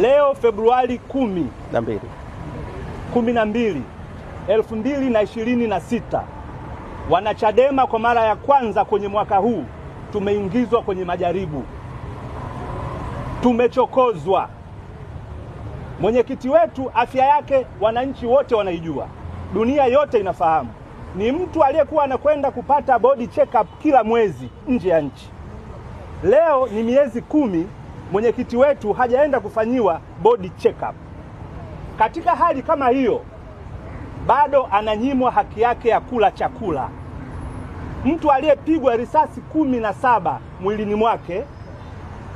Leo Februari kumi na mbili kumi na mbili elfu mbili na ishirini na sita Wanachadema kwa mara ya kwanza kwenye mwaka huu tumeingizwa kwenye majaribu, tumechokozwa. Mwenyekiti wetu afya yake wananchi wote wanaijua, dunia yote inafahamu. Ni mtu aliyekuwa anakwenda kupata body check up kila mwezi nje ya nchi. Leo ni miezi kumi mwenyekiti wetu hajaenda kufanyiwa body check up. Katika hali kama hiyo, bado ananyimwa haki yake ya kula chakula. Mtu aliyepigwa risasi kumi na saba mwilini mwake,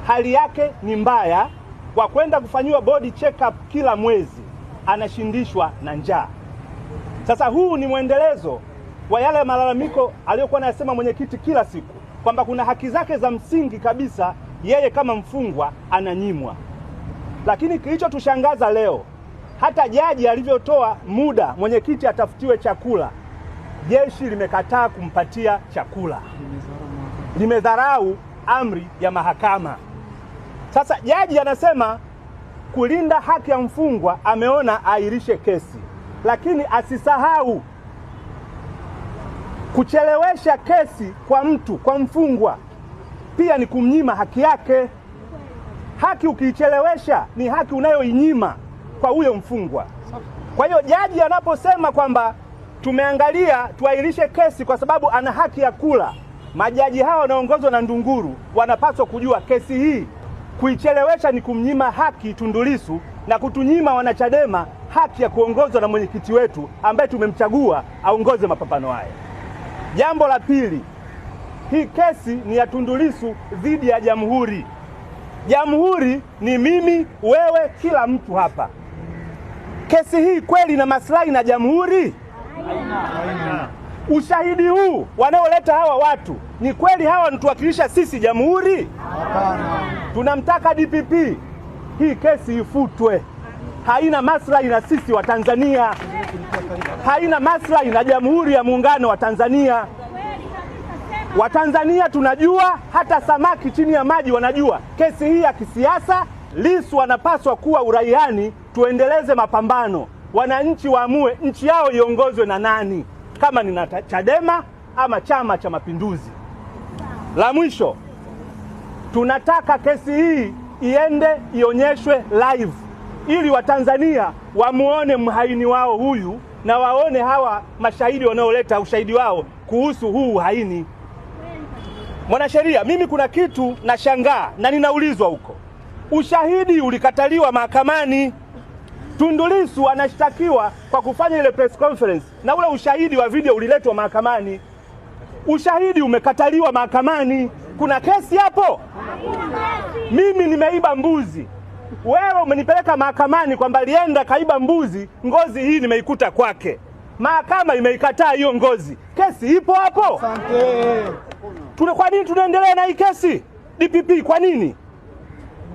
hali yake ni mbaya, kwa kwenda kufanyiwa body check up kila mwezi anashindishwa na njaa. Sasa huu ni mwendelezo wa yale malalamiko aliyokuwa anayasema mwenyekiti kila siku kwamba kuna haki zake za msingi kabisa yeye kama mfungwa ananyimwa. Lakini kilichotushangaza leo, hata jaji alivyotoa muda mwenyekiti atafutiwe chakula, jeshi limekataa kumpatia chakula, limedharau amri ya mahakama. Sasa jaji anasema kulinda haki ya mfungwa, ameona airishe kesi, lakini asisahau kuchelewesha kesi kwa mtu, kwa mfungwa pia ni kumnyima haki yake. Haki ukiichelewesha ni haki unayoinyima kwa huyo mfungwa. Kwa hiyo jaji anaposema kwamba tumeangalia tuahirishe kesi kwa sababu ana haki ya kula, majaji hawa wanaongozwa na Ndunguru wanapaswa kujua kesi hii kuichelewesha ni kumnyima haki tundulisu na kutunyima wanachadema haki ya kuongozwa na mwenyekiti wetu ambaye tumemchagua aongoze mapambano haya. Jambo la pili hii kesi ni ya Tundu Lissu dhidi ya jamhuri. Jamhuri ni mimi, wewe, kila mtu hapa. Kesi hii kweli ina maslahi na jamhuri? Ushahidi huu wanaoleta hawa watu ni kweli hawa wanatuwakilisha sisi jamhuri? Tunamtaka DPP hii kesi ifutwe, haina maslahi na sisi wa Tanzania, haina maslahi na Jamhuri ya Muungano wa Tanzania. Watanzania tunajua, hata samaki chini ya maji wanajua. Kesi hii ya kisiasa, Lissu wanapaswa kuwa uraiani, tuendeleze mapambano. Wananchi waamue nchi yao iongozwe na nani, kama ni Chadema ama Chama cha Mapinduzi. La mwisho, tunataka kesi hii iende ionyeshwe live ili Watanzania wamuone mhaini wao huyu na waone hawa mashahidi wanaoleta ushahidi wao kuhusu huu uhaini. Mwanasheria, mimi kuna kitu nashangaa na ninaulizwa huko, ushahidi ulikataliwa mahakamani. Tundu Lissu anashtakiwa kwa kufanya ile press conference na ule ushahidi wa video uliletwa mahakamani, ushahidi umekataliwa mahakamani. Kuna kesi hapo? Mimi nimeiba mbuzi, wewe umenipeleka mahakamani kwamba lienda kaiba mbuzi, ngozi hii nimeikuta kwake, mahakama imeikataa hiyo ngozi, kesi ipo hapo? Asante. Tuna, kwa nini tunaendelea na hii kesi DPP? Kwa nini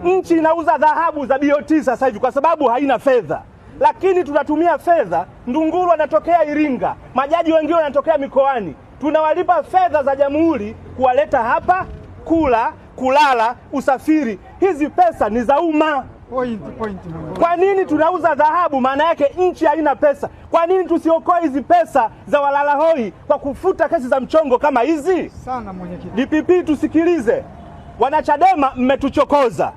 nchi inauza dhahabu za BOT sasa hivi? Kwa sababu haina fedha, lakini tunatumia fedha. Ndunguru anatokea Iringa, majaji wengine wanatokea mikoani, tunawalipa fedha za jamhuri kuwaleta hapa, kula, kulala, usafiri. Hizi pesa ni za umma. Point, point. Kwa nini tunauza dhahabu? Maana yake nchi haina pesa. Kwa nini tusiokoe hizi pesa za walalahoi kwa kufuta kesi za mchongo kama hizi? Sana mwenyekiti. DPP tusikilize, wanachadema mmetuchokoza,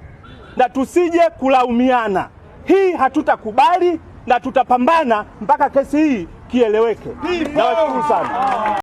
na tusije kulaumiana. Hii hatutakubali na tutapambana mpaka kesi hii kieleweke. Nawashukuru sana.